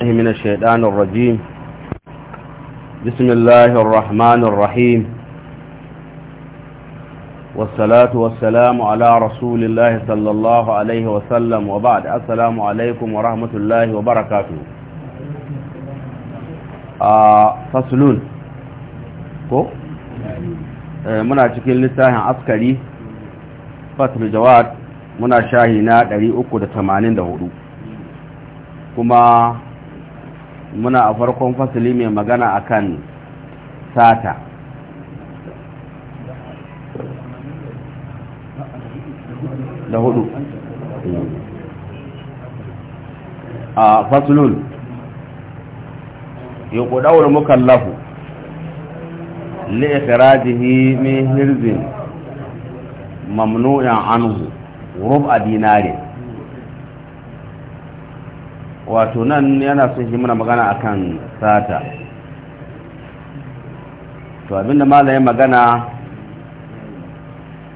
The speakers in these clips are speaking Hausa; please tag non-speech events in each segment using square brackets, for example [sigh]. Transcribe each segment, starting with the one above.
من الشيطان الرجيم بسم الله الرحمن الرحيم والصلاة والسلام على رسول الله صلى الله عليه وسلم وبعد السلام عليكم ورحمة الله وبركاته آه، فصلون muna cikin littafin askari fatul jawad muna shahi na 384 kuma muna a farkon fasili mai magana akan sata da hudu a fasulun yi kudawar mukallafu li'ikirajihi mai hirzin mamnu'in anhu a dinarin wato nan yana son shi muna magana akan sata to abinda ya magana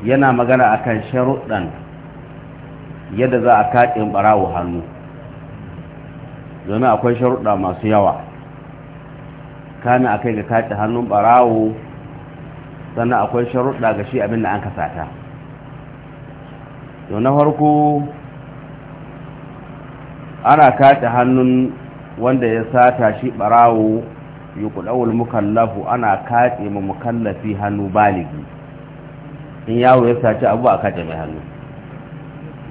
yana magana akan sharuɗan yadda za a kaɗin ɓarawo hannu domin akwai sharuɗa masu yawa kamin a kai ga kaɗin hannun ɓarawo sannan akwai sharuɗa ga shi abinda an sata to na farko ana kace hannun wanda ya sata shi barawo kudawul mukallafu ana kace mu mukallafi hannu baligi in yawo ya saci abu a kace mai hannu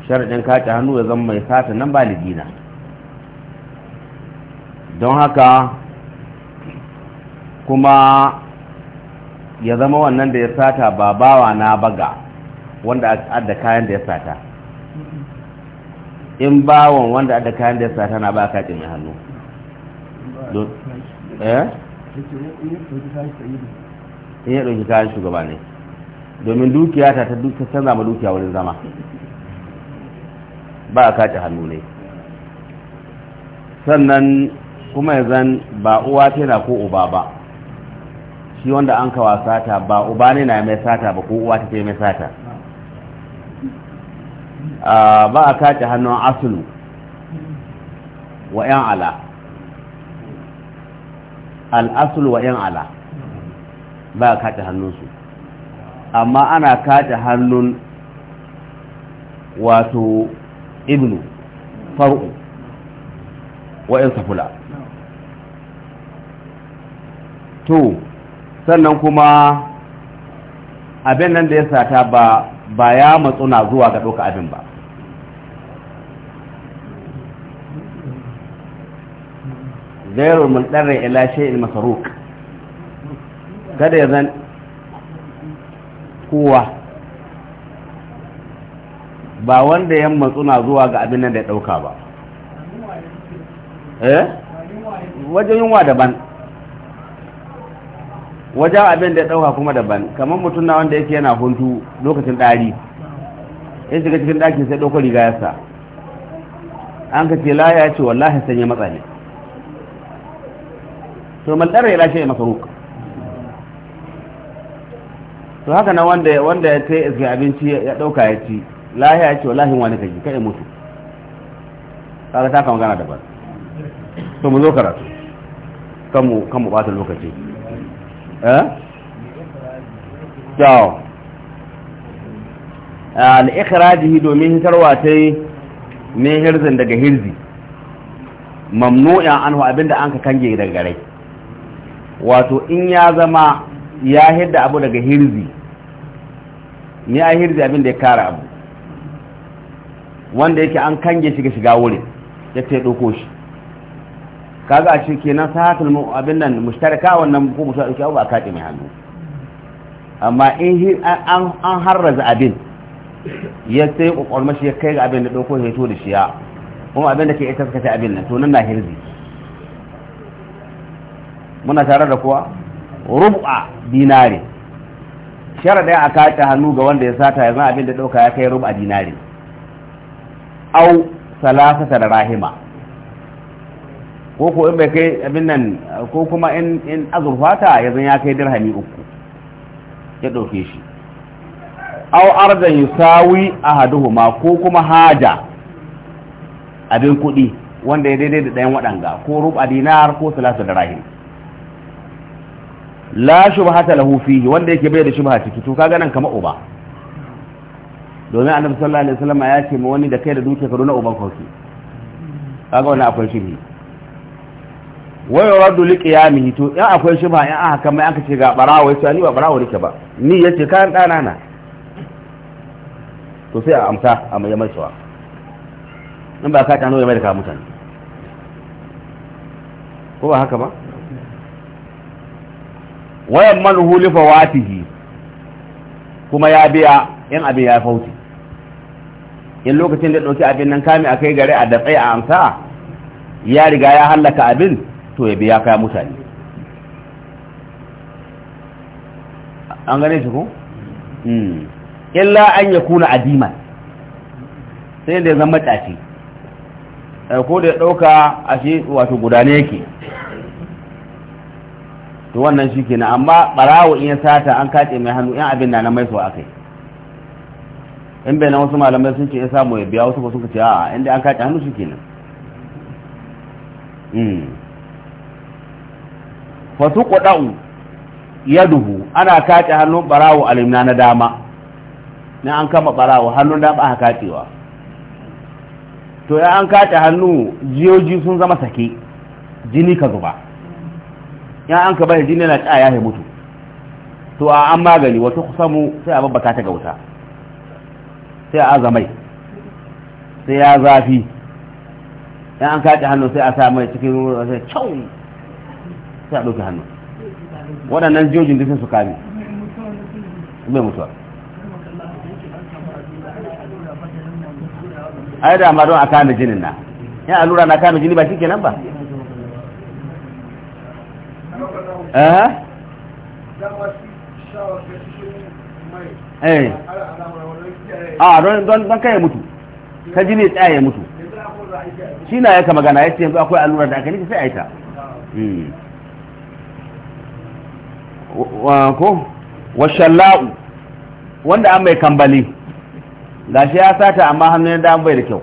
sharadin kace hannu ya zama mai sata nan baligi na don haka kuma ya zama wannan da ya sata ba bawa na baga wanda adda kayan da ya sata in bawon wanda da kayan da sa tana ba katin mai hannu eh in ya ɗauki kayan shugaba ne domin dukiya ta ta duk canza ma dukiya wurin zama ba a kaci hannu ne sannan kuma yanzan ba uwa yana ko uba ba shi wanda an kawa sata ba uba ne na mai sata ba ko uwa ta mai sata ba a kace hannun asulu wa yan ala al'asul wa yan ala ba a kace hannunsu amma ana kace hannun wato ibnu far'u wa yan safula to sannan kuma abin nan da ya sata ba ba ya na zuwa ga ɗauka abin ba mun mulɗarra ila shay'in masaruk kada ya zan kowa ba wanda ya na zuwa ga abin nan da ya ɗauka ba eh wajen yunwa daban waje abin da ya ɗauka kuma daban kamar mutum na wanda yake yana huntu lokacin ɗari ya shiga cikin ɗakin sai ɗauko riga yasa an ka ce laya ya ce wallahi sanya matsa ne to maldara ya lashe ruk to haka na wanda wanda ya ce iska abinci ya ɗauka ya ci lahiya ya ce wallahi wani kaji kai mutu kaga ta kama gana daban to mu zo karatu kan mu bata lokaci kyau eh? ah, al'ikirajihi domin hitarwa ta yi ne hirzin daga hirzi mamnu'in anhu abinda an ka kange daga gare wato in ya zama ya hidda abu daga hirzi ni a hirzi abinda ya kara abu wanda yake an kange shiga shiga wurin ya ce ɗauko shi kaga a shi kenan sahatul abin nan mushtaraka wannan ko musa dauki abu a kaɗe mai hannu amma in an an harraza abin ya sai shi ya kai ga abin da dauko ya to da shiya kuma abin da ke ita suka abin nan to nan na hirzi muna tare da kuwa rubu'a dinari sharadin a kaɗe hannu ga wanda ya sata yanzu abin da dauka ya kai rubu'a dinari au salasa da rahima ko ko in bai kai abin nan ko kuma in in ta ya zan ya kai dirhami uku ya ɗauke shi aw arda yusawi ahaduhuma ko kuma haja abin kuɗi wanda ya daidai da ɗayan waɗanga ko rub'a dinar ko salasa dirahim la shubhata lahu fihi wanda yake bai da shubha ciki to kaga nan kamar uba domin annabi sallallahu alaihi wasallam ya ce wani da kai da dukiya ka na uban ka kaga wannan akwai shubhi wayo raddu li qiyamihi to in akwai ba in aka kama aka ce ga barawo yace ni ba barawo ke ba ni yace kan dana na to sai a amsa a mai mai sawa in ba ka tano ya mai da ka mutane ko ba haka ba wayan man huli fawatihi kuma ya biya in abin ya fauti in lokacin da ɗauki abin nan kame a kai gare a datsai a amsa ya riga ya hallaka abin to ya biya kaya mutane an gane shi ko? Hmm. illa an ya kuna adima sai da ya zama ɗafi eh, ko da ya ɗauka a shi wato gudane yake to wannan shi kenan amma ɓarawo in ya sata an kace mai hannu yan abin na na mai so kai in bai na wasu malamai sun ce ya samu ya biya wasu ba suka ce a inda an kace hannu shi kenan hmm. fatuqda'u yaduhu ana kace hannun barawo alimna na dama na an kama barawo hannun da ba kacewa to ya an kace hannu jiyoji sun zama sake jini ka zuba ya an ka bai jini na tsaya ya mutu to a an magani wata kusamu sai a babbaka ta gauta sai a azamai sai ya zafi ya an kace hannu sai a sa mai cikin ruwa sai cewa sai a ɗauki hannu waɗannan jojin da sun su kari bai mutuwa ai da ma don a kame jinin na ya allura na kame jini ba shi kenan ba eh a don don ya mutu ka jini tsaye ya mutu shi na ya kama gana ya ce yanzu akwai allura da aka nika sai a yi ta hmm. wa shalla'u wanda an mai kambali ga shi ya sata amma hannun da bai da kyau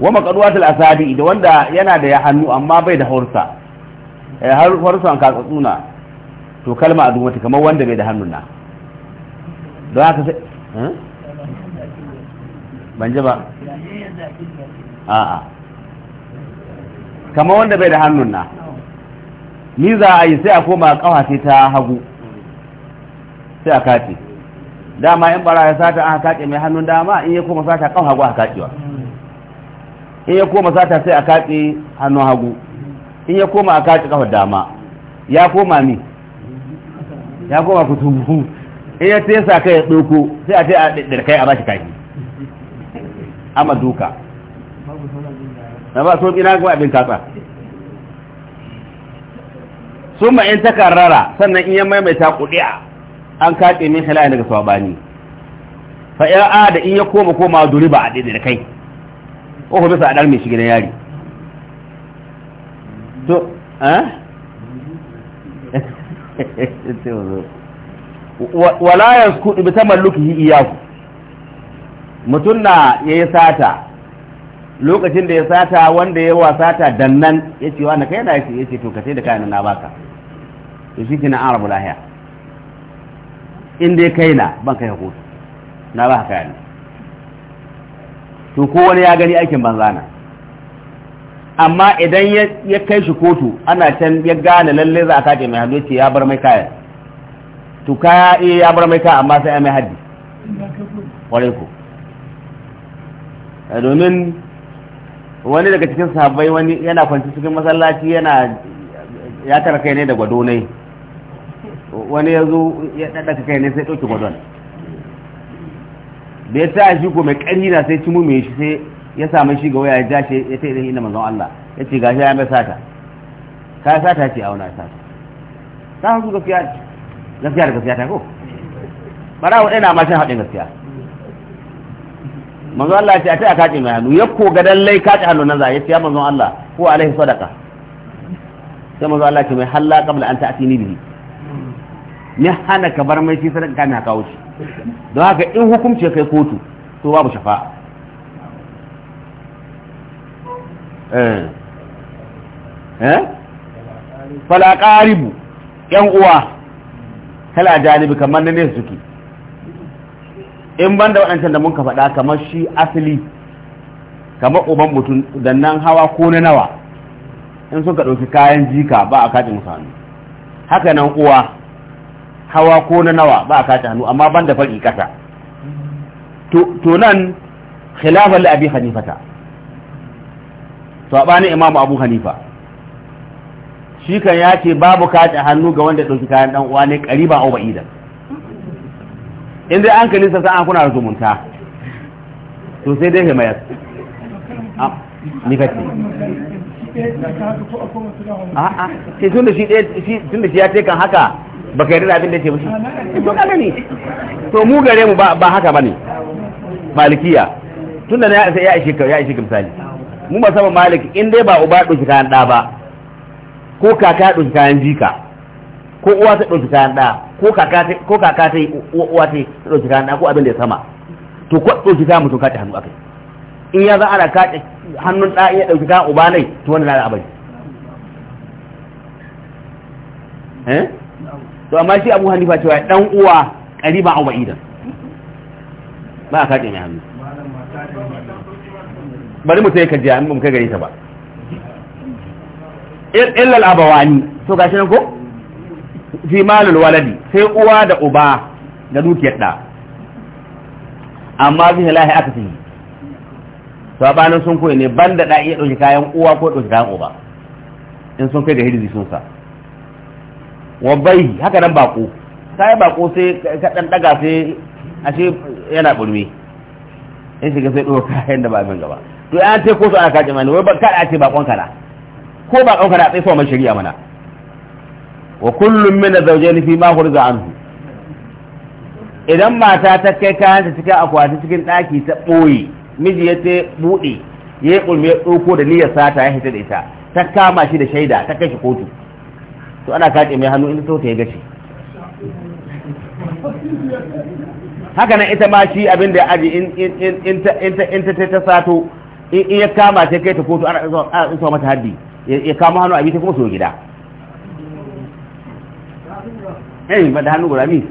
wa maqaduwatul asadi da wanda yana da ya hannu amma bai da horsa eh har horsan ka tsuna to kalma a dumata kamar wanda bai da hannun na don haka sai eh? ban ji ba a'a kamar wanda bai da hannun na ni za a yi sai a koma kawa sai ta hagu sai a kace dama in bara ya sata an kace mai hannun dama in ya koma sata kawa hagu a kacewa in ya koma sata sai a kace hannun hagu in ya koma a kace kafa dama ya koma ni ya koma kutubu in ya tesa kai ya doko sai a ce a kai a bashi kashi amma duka na ba so ina ga abin katsa sun ma'in ta karrara sannan in ya maimaita kudiya an kaɗe min halaye daga sabani fa ya a da in ya koma koma duri ba a daidai da kai ko bisa a mai shiga na yari to [laughs] wala ya kuɗi bi tamallukihi iyaku mutum na ya yi sata lokacin da ya sata wanda ya wa sata dannan ya ce wa na kai na ya ce to ka sai da kayan na baka to shi kina arabu lahiya inda ya kai na ban kai hukutu na ba haka ne to ko wani ya gani aikin banza na amma idan ya kai shi kotu ana can ya gane lalle za a kace mai hannu ce ya bar mai kaya to kaya iya eh, ya bar mai kaya amma sai ya mai haddi kwarai ku eh, domin wani daga cikin sahabbai wani yana kwanci cikin masallaci yana ya kai ne da gwadonai wani ya zo ya ɗaɗɗaka kai ne sai ɗauki gwadon da ya ta shi ko mai ƙari na sai cimu mai shi sai ya samu shi ga waya ya jashe ya ta irin inda mazan Allah ya ce gashi ya mai sata ka sata ce a wani sata ta hasu gaskiya gaskiya da gaskiya ta ko bara wa ɗaya ma shan haɗin gaskiya mazan Allah ya ce a ta a kaɗe mai hannu ya ko ga lallai kaɗe hannu na za ya ce ya manzon Allah ko alaihi sadaka sai mazan Allah ce mai halla qabla an ta'tini bihi ne hana ka bar mai kisa sadaka kamin a kawo don haka in hukumce kai kotu to babu shafa'a eh. Eh? fala ‘yan uwa kala janibi kamar na nesa suke in ban da waɗancan da mun ka faɗa kamar shi asali kamar uban mutum da nan hawa ko na nawa in suka ɗauki kayan jika ba a kaɗin musamman haka nan uwa hawa ko na nawa ba a kace hannu amma ban da farki kasa to nan khilafan abi a bani imamu abu hanifa shi kan ya ce babu kace hannu ga wanda dauki kayan dan uwa ne qariba au ba'idan in dai an kalisa sa an kuna zumunta to sai dai himayar ah, ni a'a sai tun da shi ya kan haka ba ka yarda da abin da ke mushi to to mu gare mu ba haka bane malikiya tunda na ya ya ishe ya ishe misali mu ba sama malik in dai ba uba doki kayan da ba ko kaka doki kayan jika ko uwa ta doki kayan da ko kaka ta ko kaka ta uwa ta kayan da ko abin da ya sama to ko doki kayan mutum kaɗe hannu akai in ya za ana kaɗe hannun ɗa ya ɗauki kayan uba nai to wannan na da abin eh to amma shi abu hanifa cewa dan uwa qariban aw ba'idan ba a kaɗe mai hannu bari mu ya kaji jiya mun kai gare ta ba illal abawani to gashi nan ko fi malul waladi sai uwa da uba da dukiyar da amma zai lahi aka fi banin sun koyi ne banda da iya ɗauki kayan uwa ko ɗauki kayan uba in sun kai da hirzi sun sa wa bai haka nan bako sai bako sai ka dan daga sai ashe yana burmi in shiga sai ɗora kayan da ba abin gaba to an ce ko su ana kaji mani wai ba kada ce bakon kana ko bakon kana sai so mai shari'a mana wa kullum min azwajain fi ma hurza anhu idan mata ta kai kayan ta cikin akwati cikin daki ta boye miji ya ce bude ya yi ya ɗauko da niyyar sata ya hita da ita ta kama shi da shaida ta kai shi kotu to ana kace mai hannu in so ta ya gashi haka nan ita ma shi abin da aji in ta ta sato in ya kama ta kai ta kotu ana iso mata haddi ya kama hannu bi ta kuma so gida eh ba da hannu gurami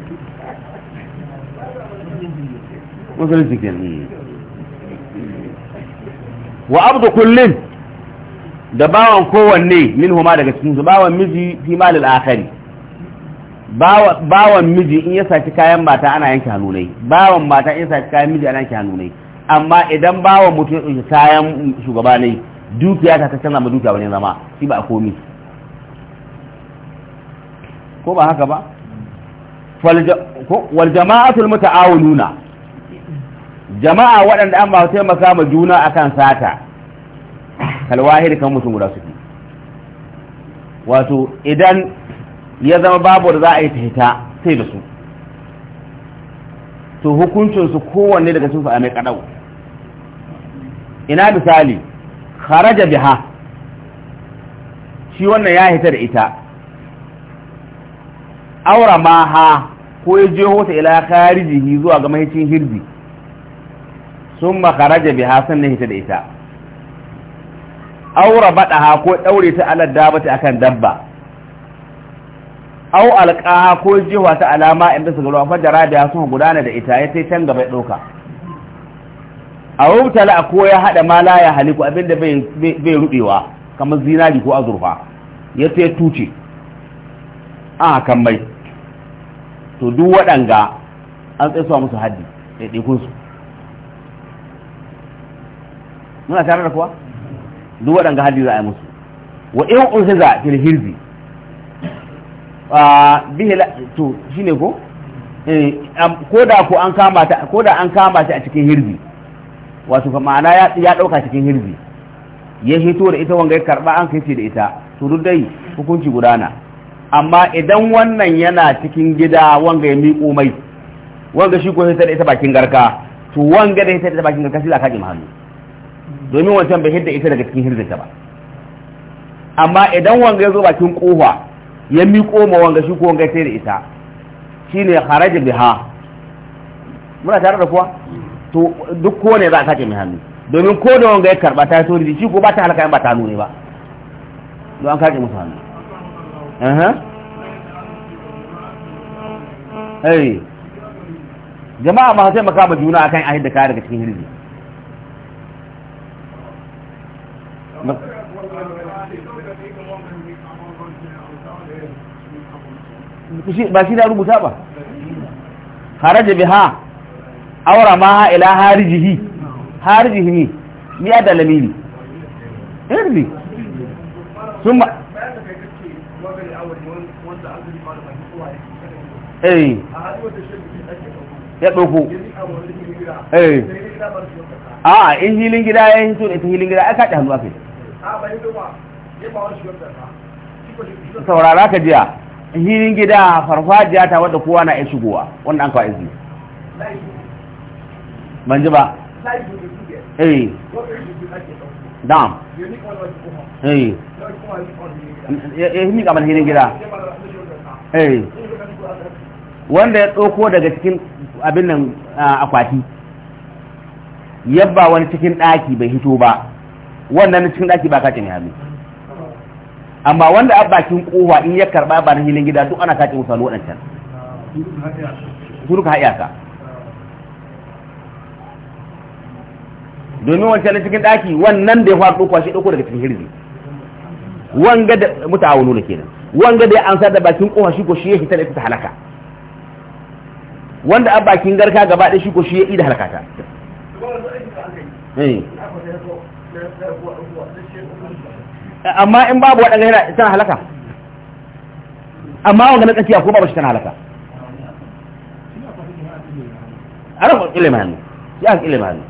musulunci kenan wa abdu kullin da bawan kowanne min homa daga cikin su bawan miji fi malil akhari bawan miji in ya saki kayan mata ana yanke hannu ne bawan mata in ya saki kayan miji ana yanke hannu ne amma idan bawan mutum ya ɗauki kayan shugaba ne dukiya ta ta canza ma dukiya wani zama shi ba a komi ko ba haka ba wal jama'atul muta'awununa jama'a waɗanda an ba su taimaka ma juna akan sata kalwahir kan mutum guda suke wato idan ya zama babu da za a yi ta hita sai da su to hukuncinsu kowanne daga cikin a mai kadau ina misali kharaja biha shi wannan ya hita da ita aura ma ha ko ya je hota ila kharijihi zuwa ga mahicin hirzi sun makaraja biha sannan hita da ita aura baɗaha ko ɗaure ta alar ta akan dabba au alƙaha ko jiwa ta alama inda su gaba fajara da ya sun gudana da ita ya sai can gaba ya ɗauka a wutala ko ya haɗa ma la ya haliku abinda bai ruɗewa kamar zinari ko azurfa ya sai tuce a kan mai to duk waɗanga an tsaye musu haddi ɗaiɗaikunsu muna tare da kuwa duk waɗanga haddi za a yi musu wa in unhiza fil hirzi la to shine ko eh, ko da ko an kama ta ko da an kama ta a cikin hirzi wato ka ma'ana ya ya dauka cikin hirzi ya hito da ita wanga ya karba an kai ce da ita to duk dai hukunci gudana amma idan wannan yana cikin gida wanga ya miƙo mai wanga shi ko hita da ita bakin garka to wanga da hita da ita bakin garka shi la ka ji mahallu domin wancan bai hidda ita daga cikin hirzata ba amma idan wanga ya zo bakin kofa ya miƙo ma wanga shi ko wanga sai da ita shine haraji biha muna tare da kuwa to duk ne za a sake mai hannu domin ko da wanga ya karba ta so da shi ko ba ta halaka in ba ta nune ba don an sake musu hannu jama'a ma sai makama juna akan a da kaya daga cikin hirji ba shi na rubuta ba haraji biha aura ma ila harijihi harijihi ni ya dalili lamiri irbi eh, sun ba eh ya ɗauko eh a in hilin gida ya hito da ita hilin gida aka ɗi hannu a kai saurara ka jiya hirin gida farfajiya ta wadda kowa na ya shigowa wanda an kawo izini ban ji ba eh dam eh eh kamar hirin gida eh wanda ya tsoko daga cikin abin nan akwati yabba wani cikin daki bai hito ba wannan cikin daki ba kace ne. mai amma wanda a bakin kowa in ya karba ba na hilin gida duk ana sake musu waɗancan suruka haɗiyaka domin wancan na cikin ɗaki wannan da ya faru ɗaukwa shi ɗauko daga cikin hirzi wanga da mutawunu ne kenan wanga da ya ansa da bakin kowa shi ko shi ya hita da ita halaka wanda a bakin garka gaba ɗaya shi ko shi ya ida halakata eh amma in babu waɗanda yana tana halaka amma wanda na tsakiya ko babu shi tana halaka ana ko kile mani ya ƙile mani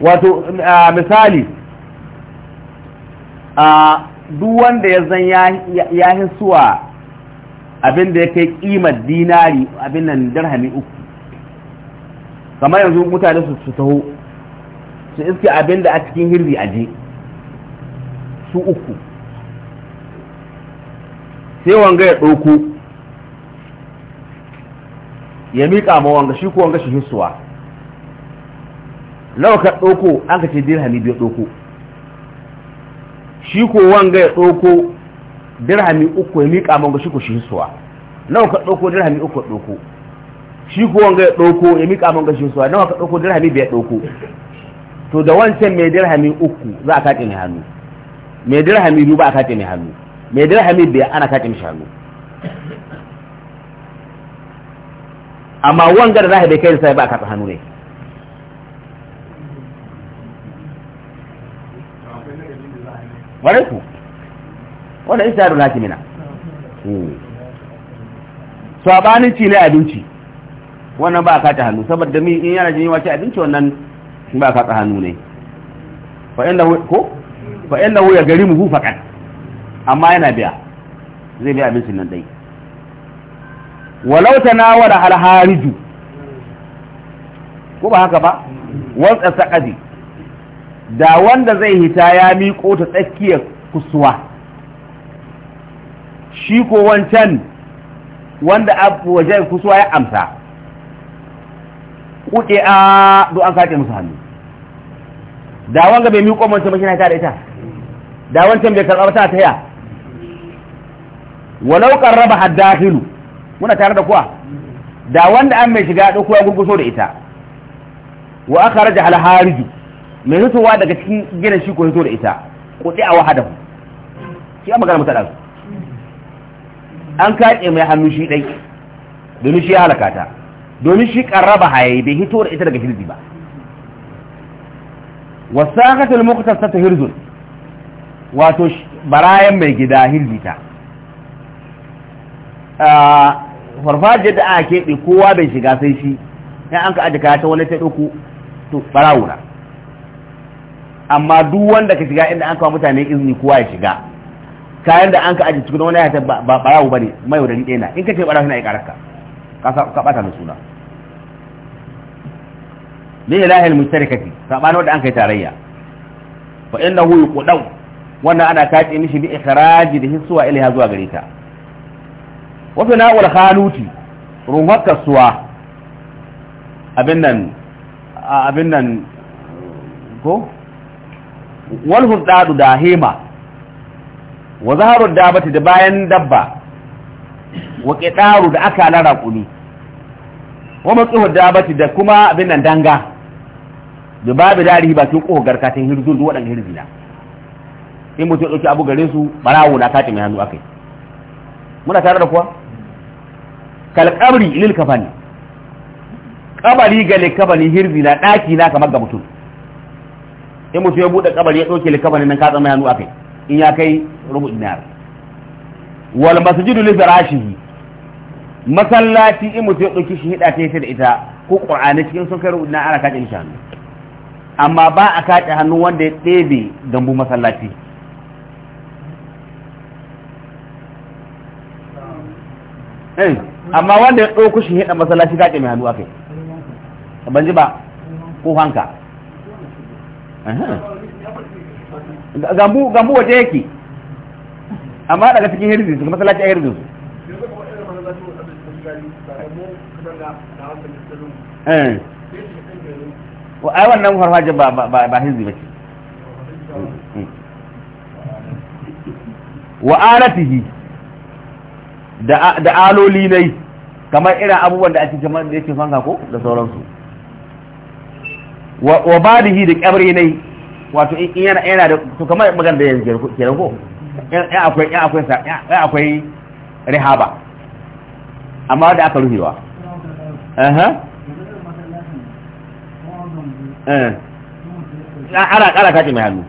wato misali a duk wanda ya zan ya hisuwa abin da ya kai ƙimar dinari abin nan darhami uku kamar yanzu mutane su taho su iske abin da a cikin hirri aje su uku sai wanga ya ɗauku ya miƙa ma wanga shi ko wanga shi hissuwa lawa ka ɗauko an ka ce dirhami biyu ɗauko shi ko wanga ya ɗauko dirhami uku ya miƙa ma wanga shi ko shi hissuwa nawa ka ɗauko dirhami uku ɗauko shi ko wanga ya ɗauko ya miƙa ma wanga shi nawa ka ɗauko dirhami biyar ɗauko to da wancan mai dirhami uku za a kaƙe mai hannu mai dirhami duba ba a kace mai hannu mai dirhami biya ana kace mai hannu amma wanga da zahibai kai sai ba a kace hannu ne wadanku wanda isa yaro laki mina hmm. sabanin ci ne abinci wannan ba a kace hannu saboda mi in yana jini wace abinci wannan ba a kace hannu ne fa inda ko fa inna ya gari mu fakat amma yana biya zai biya abincin nan dai walau tanawala al hariju ko ba haka ba wanda saqadi da wanda zai hita ya miƙo ta tsakiyar kusuwa shi ko wancan wanda abu wajen kusuwa ya amsa kuɗe a do an kaɗe musu hannu da wanga bai miƙo wancan mashina ta da ita da wancan bai karɓa ta taya walau karraba haddahilu muna tare da kuwa da wanda an mai shiga dauko ya gurguso da ita wa akhraja al hariju mai hutuwa daga cikin gidan shi ko hito da ita kudi a wahadahu shi an magana mutala an kace mai hannu shi ɗai domin shi ya halaka ta domin shi karraba hayi bai hito da ita daga hirji ba wasaqatul ta hirzun wato barayan mai gida hirgita farfajiyar da aka keɓe kowa bai shiga sai shi ya an ka aji kaya ta wani ta ɗauku to barawuna amma duk wanda ka shiga inda an kawo mutane izini kowa ya shiga kayan da an ka aji cikin wani ya ba barawu bane mai wadani ɗaya in ka ce barawu na ya ka ka ɓata da suna ne lahil mustarikati saɓanin wanda an yi tarayya fa ko yuqdaw wannan ana tace mishi bi ikhraji da hisuwa ilaiha zuwa gare ta wa fina'ul khaluti ruhar kasuwa abin nan abin nan ko wal hudadu da hema wa zaharu dabati da bayan dabba wa qitaru da aka lara kuni wa matsuhu dabati da kuma abin nan danga da babu darihi bakin kohar garkatin hirzun duk waɗanda hirzina in mutum ya ɗauki abu gare su barawo na kati mai hannu akai muna tare da kuwa kalkabri lil kafani kabari ga likabani hirbi na ɗaki na kamar ga mutum in mutum ya buɗe kabari ya ɗauke likabani nan katsa mai hannu akai in ya kai rubu dinar wal masjidu li firashihi masallaci in mutum ya ɗauki shi hida ta da ita ko qur'ani cikin sun kai rubu dinar ana kaɗe shi hannu amma ba a kaɗe hannu wanda ya ɗebe gambu masallaci Eh, amma wanda ya ɗauko shi hidda masallaci ka mai hannu akai ban ji ba ko hanka gambu gambu waje yake amma daga cikin hirzi su masallaci a hirzi su eh. wa ai wannan farfajin ba ba ba hirzi hmm, hmm. wa alatihi da aloli ne kamar irin abubuwan da ake kamar da yake fanka ko da sauransu wa badihi da kyabri ne wato in yana yana da to kamar magana da yanzu ke rago ya akwai ya akwai ya akwai rihaba amma da aka ruhewa eh eh ara ara kace mai hannu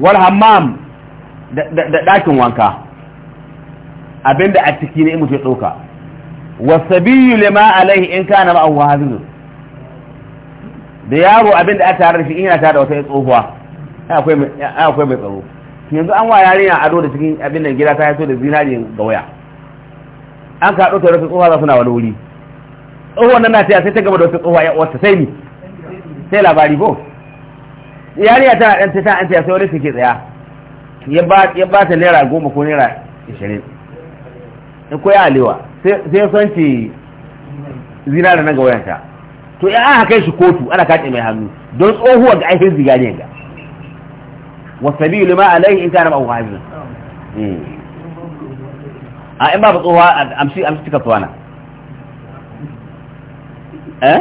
wal hammam da dakin wanka abinda a ciki ne mutu ya ɗauka wasabiyu lima alaihi in kana ma'ahu hafizu da yaro abinda a tare da shi in yana tare da wata tsohuwa akwai mai tsaro yanzu an wa yarinya ado da cikin abin nan gida ta haito da zinari ga waya an ka ɗauka wata tsohuwa za suna wani wuri tsohuwan nan na ta sai ta gaba da wata tsohuwa ya wata sai ni sai labari ko yarinya tana ɗan ta ta an ta sai wani suke tsaya ya ba ta naira goma ko naira ashirin in koyi alewa sai san ce da na ga wayanta to ya aka kai shi kotu ana kace mai hannu don tsohuwa ga aikin ne ga sabilu ma alaihi in kana ma'u hmm. a in ba ba tsohuwa amshi amshi cika tsuwana eh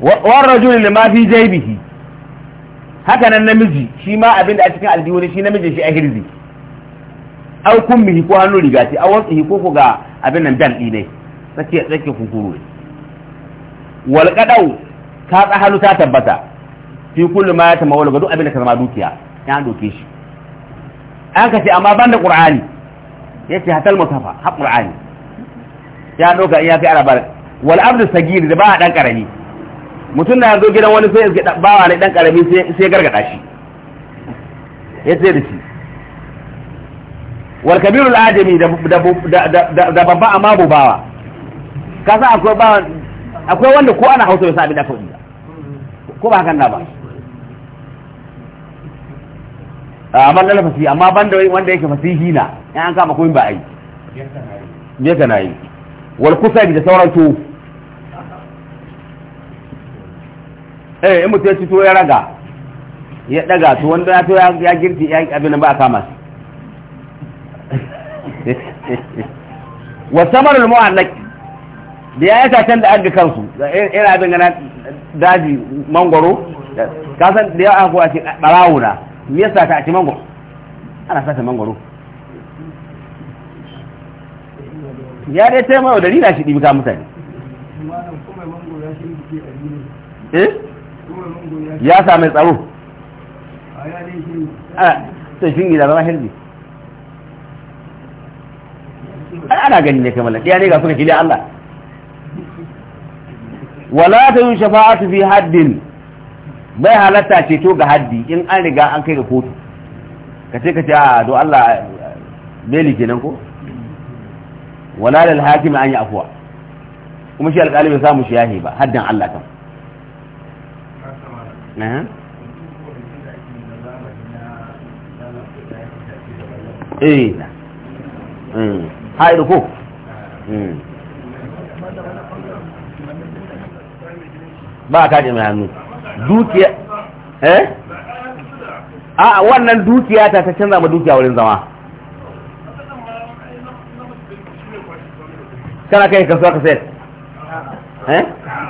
wa rajul ma fi jaybihi haka nan namiji shi ma abinda a cikin aljihu shi namiji shi ahirzi. au kun mihi ko hannu riga ce au wasu ko ku ga abin nan dan ɗinai sake tsakiyar kunkuru ne wal kadau ka tsa hannu ta tabbata fi kullu ma ta mawala ga duk abin da ka zama dukiya ya doke shi an ka ce amma ban da qur'ani yace hatal mutafa ha qur'ani ya doka iya kai araba wal abdu sagir da ba dan karami mutum na zo gidan wani sai ya bawa ne dan karami sai sai gargada shi yace da shi wal kabirul ajami da babba amma bubawa ka akwai ba akwai wanda ko ana hausa sai sa abin da kawai ko ba hakan ba amma lalle fasihi amma banda wanda yake fasihi na in an kama koyin ba ai me kana yi wal kusabi da sauran eh in mutum ya ci to ya raga ya daga to wanda ya to ya girki ya abin ba kama shi [laughs] wa samarul mu'allaq da ya yi can da aga kansu ina abin gana daji mangoro Kasan da yawa an kuwa ce barawuna me yasa ta ci mangoro ana sata mangoro ya dai ta mawa da rina shi ɗibi ka mutane eh? ya sami tsaro a sai shi gida ah, zama hirbi ai ana gani ne kamar mallan diya ne ga suka shirya Allah wala ta yun shafa'atu fi haddin bai halatta ceto ga haddi in an riga an kai ga kotu ka ce ka ce a ah, do Allah beli kenan ko wala lil hakim an yi afuwa kuma shi alƙali bai samu shi yahi ba haddan Allah kan eh hmm. haidu ko hmm. ba ta ji mai hannu dukiya eh a wannan dukiya ta ta canza ma dukiya wurin zama kana kai so ka sai eh